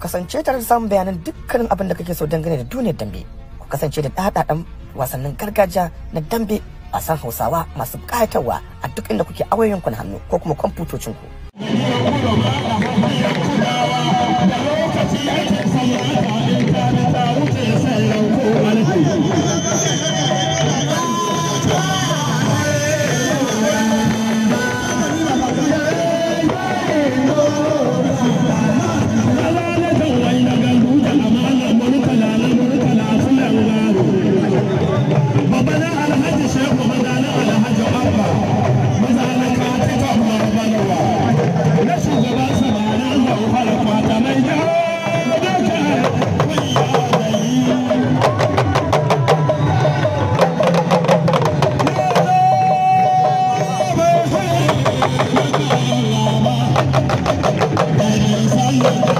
kasance tare da samun bayanan dukkanin abin da kake so dangane da duniyar dambe ku kasance da ɗaɗaɗan wasannin gargajiya na dambe a san hausawa masu ƙayatarwa a duk inda kuke awayoyinku na hannu ko kuma kwamfutocinku. ku. Thank you.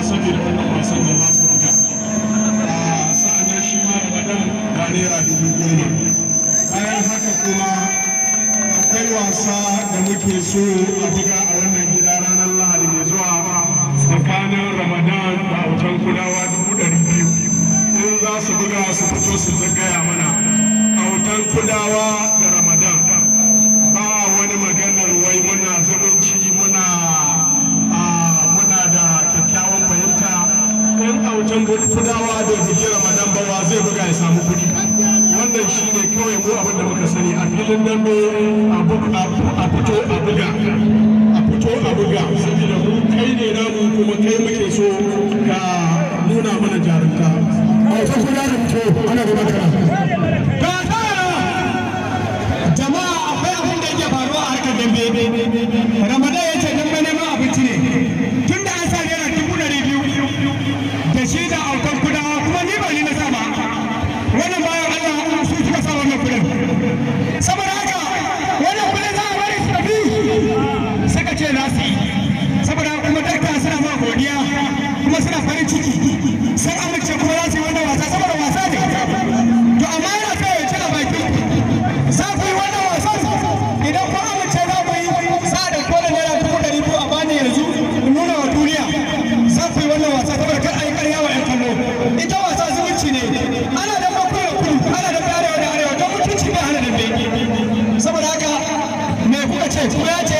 kowa wannan wasan da za su buga ah, shi ma naira dubu goma bayan haka kuma akwai wasa da muke so a buga a wannan gida ranar lahadi mai zuwa tsakanin ramadan da autan kudawa dubu ɗari biyu in za su buga su fito su zagaya mana autan kudawa da dambe a fito a buga a saboda mu kai ne namu kuma kai muke so ka nuna mana jarumta a wasu kuna da fito ana gaba kana jama'a akwai abin da yake faruwa a harkar dambe Congratulations.